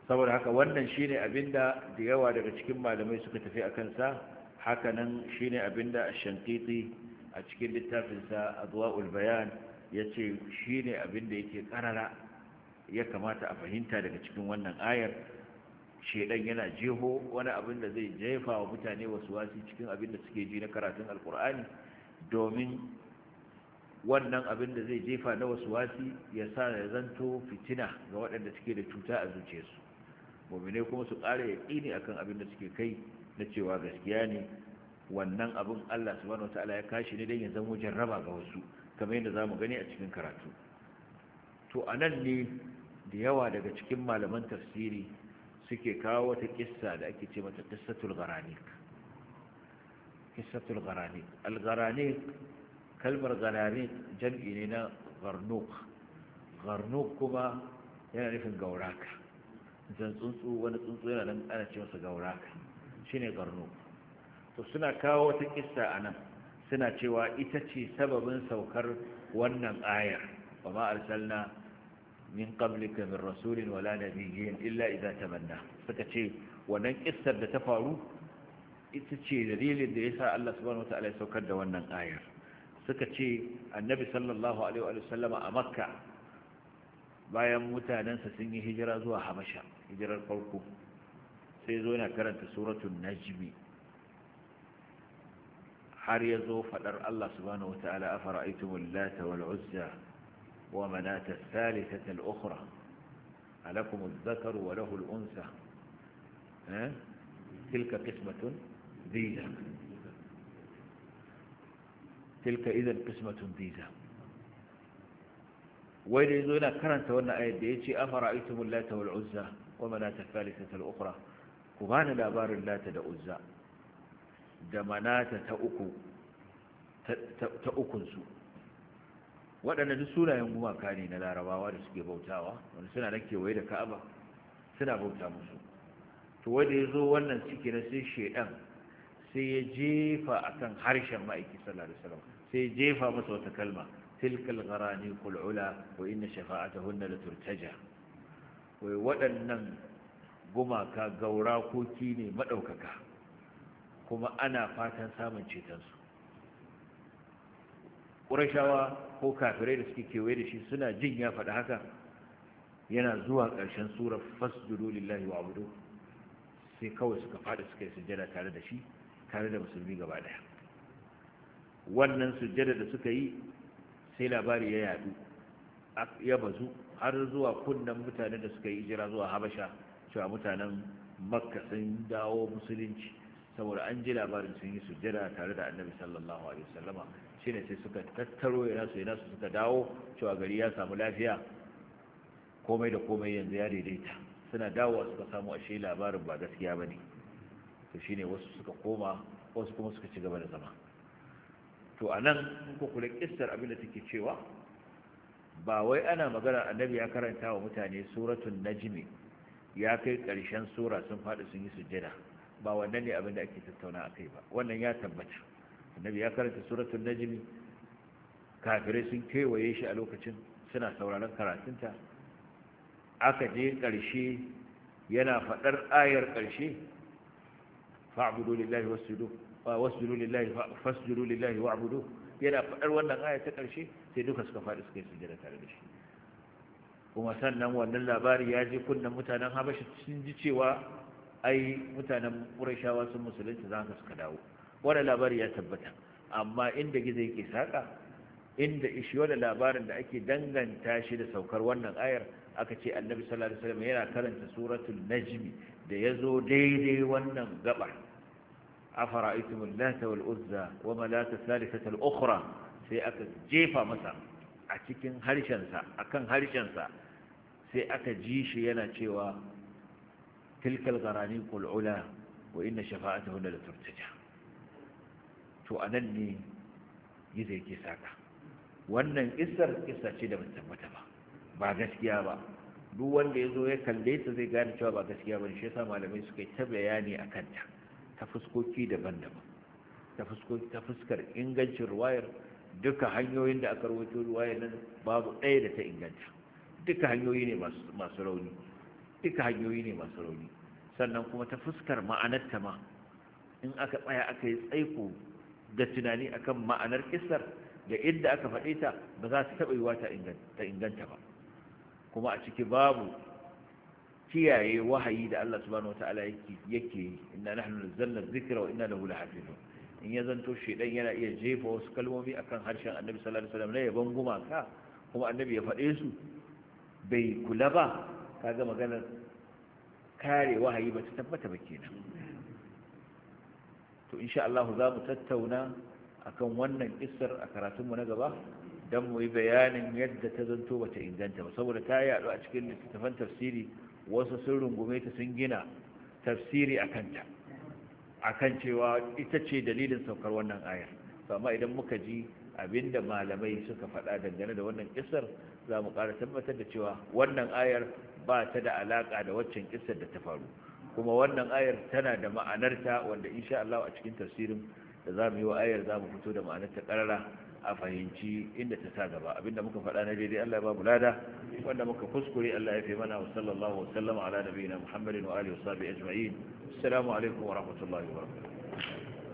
saboda haka wannan shine abinda da yawa daga cikin malamai suka tafi akan sa haka nan shine abinda ash shantiti a cikin littafinsa adwa'ul bayan ya ce shi ne abin da yake karara ya kamata a fahimta daga cikin wannan ayar shedan yana jeho wani abin da zai jefa wa mutane wasu wasi cikin abin da suke ji na karatun alkur'ani domin wannan abin da zai jefa na wasu wasi ya sa ya zanto fitina ga waɗanda suke da cuta a zuciyarsu mummune kuma su ƙara yaƙini akan abin da suke kai na cewa gaskiya ne wannan abin Allah subhanahu wataala ya kashi ne dan ya zama jarraba ga wasu kamar yadda zamu gani a cikin karatu to anan ne da yawa daga cikin malaman tafsiri suke kawo wata kissa da ake ce mata qissatul gharanik qissatul gharanik al gharanik kalmar gharanik jam'i ne na gharnuk gharnuk kuma yana nufin gauraka zan tsuntsu wani tsuntsu yana nan ana ce masa gauraka shine gharnuk to suna kawo wata kissa a nan suna cewa ita ce sababin saukar wannan ayar wa ma arsalna min qablika min rasulin wala nabiyyin illa idza tamanna suka ce wannan kissar da ta faru ita ce dalilin da yasa Allah subhanahu wataala ya saukar da wannan ayar suka ce annabi sallallahu alaihi wa sallama a makka bayan mutanensa sun yi hijira zuwa habasha hijirar farko sai zo yana karanta suratul najmi har ya zo faɗar Allah subhanahu wa ta'ala a fara'aitun lata wal uzza wa manata salisata al'ukura alakumun zakaru wa lahul unsa eh? tilka kismatun biza tilka idan kismatun biza wai da ya zo yana karanta wannan ayat da ya ce a fara'aitun lata wal uzza wa manata salisata al'ukura ku bani labarin lata da uzza da manata ta uku ta ukunsu waɗanda duk sunayen gumaka ne na larabawa da suke bautawa Wani suna da kewaye da ka'aba suna bauta musu to wanda ya zo wannan ciki na sai shaidan sai ya jefa akan harshen ma'aiki sallallahu alaihi wasallam sai ya jefa masa wata kalma tilkal gharani kul'ula wa inna shafa'atahunna la turtaja wai waɗannan gumaka gaura koki ne madaukaka kuma ana fatan samun ceton su. ƙurashawa ko kafirai da suke kewaye da shi suna jin ya faɗi haka yana zuwa ƙarshen sura fasjudu lillahi wa abudu sai kawai suka faɗi suka yi sujjada tare da shi tare da musulmi gaba ɗaya wannan sujjada da suka yi sai labari ya yadu ya bazu har zuwa kunnan mutanen da suka yi jira zuwa habasha cewa mutanen makka sun dawo musulunci saboda an ji labarin sun yi sujjada tare da annabi sallallahu alaihi wasallama shine sai suka tattaro yana su yana nasu suka dawo cewa gari ya samu lafiya komai da komai yanzu ya daidaita suna dawo suka samu ashe labarin ba gaskiya bane to shine wasu suka koma wasu kuma suka ci gaba da zama to anan ko kula kissar abin da take cewa ba wai ana magana annabi ya karanta wa mutane suratul najmi ya kai karshen sura sun faɗi sun yi sujjada ba wannan ne abin da ake tattauna a kai ba wannan ya tabbata annabi ya karanta suratul najmi kafirai sun kewaye shi a lokacin suna sauraron karatunta aka je ƙarshe yana faɗar ayar ƙarshe fa'budu lillahi wasjudu wasjudu lillahi fasjudu lillahi wa'budu yana faɗar wannan aya ta karshe sai duka suka faɗi suka yi sujjada tare da shi kuma sannan wannan labari ya je kunnen mutanen habasha sun ji cewa ai mutanen ƙurashawa sun musulunci za ka suka dawo wani labari ya tabbata amma inda gizo yake saƙa inda ishiyo da labarin da ake danganta shi da saukar wannan ayar aka ce annabi sallallahu alaihi wasallam yana karanta suratul najmi da yazo daidai wannan gaba afara'aytum al-lata wal uzza wa malata thalithata al-ukhra sai aka jefa masa a cikin harshen sa akan harshen sa sai aka ji shi yana cewa tilkal garanin kul'ula wa inna shafa'ata hunda da turtaja to a nan ne yi zai ke saka wannan ƙisar, kisa ce da tabbata ba ba gaskiya ba duk wanda ya zo ya kalle ta zai gane cewa ba gaskiya ba shi yasa malamai suka yi ta a kanta ta fuskoki daban-daban ta fuskar ingancin ruwayar duka hanyoyin da aka rawaito ruwayar nan babu ɗaya da ta inganta duka hanyoyi ne masu rauni duka hanyoyi ne masu rauni sannan kuma ta fuskar ma'anar ta ma in aka tsaya aka yi tsaiko da tunani akan ma'anar kisar da inda aka faɗe ta ba za su taɓa yiwa ta inganta ba kuma a ciki babu kiyaye wahayi da Allah subhanahu ta'ala yake yi inna nahnu nazzalna dhikra wa inna lahu lahafizun in ya zanto shedan yana iya jefa wasu kalmomi akan harshen Annabi sallallahu alaihi wasallam ya banguma ka kuma Annabi ya faɗe su bai kula ba kaga maganar kare wahayi ba ta tabbata ba kenan to insha Allah za mu tattauna akan wannan kissar a karatunmu na gaba don mu yi bayanin yadda ta zanto bata inganta ba saboda ta yaɗu a cikin littattafan tafsiri wasu sun rungume ta sun gina tafsiri a kanta akan cewa ita ce dalilin saukar wannan ayar amma idan muka ji abinda malamai suka faɗa dangane da wannan kissar za mu ƙara tabbatar da cewa wannan ayar ba ta da alaka da waccan kissar da ta faru kuma wannan ayar tana da ma'anarta wanda insha Allah a cikin tafsirin da za mu yi wa ayar za mu fito da ma'anarta ƙarara a fahimci inda ta sa gaba abinda muka faɗa na daidai Allah ya ba mu lada wanda muka kuskure Allah ya fi mana wa sallallahu wa sallama ala nabiyina Muhammadin wa alihi wa sahbihi ajma'in assalamu alaikum wa rahmatullahi wa barakatuh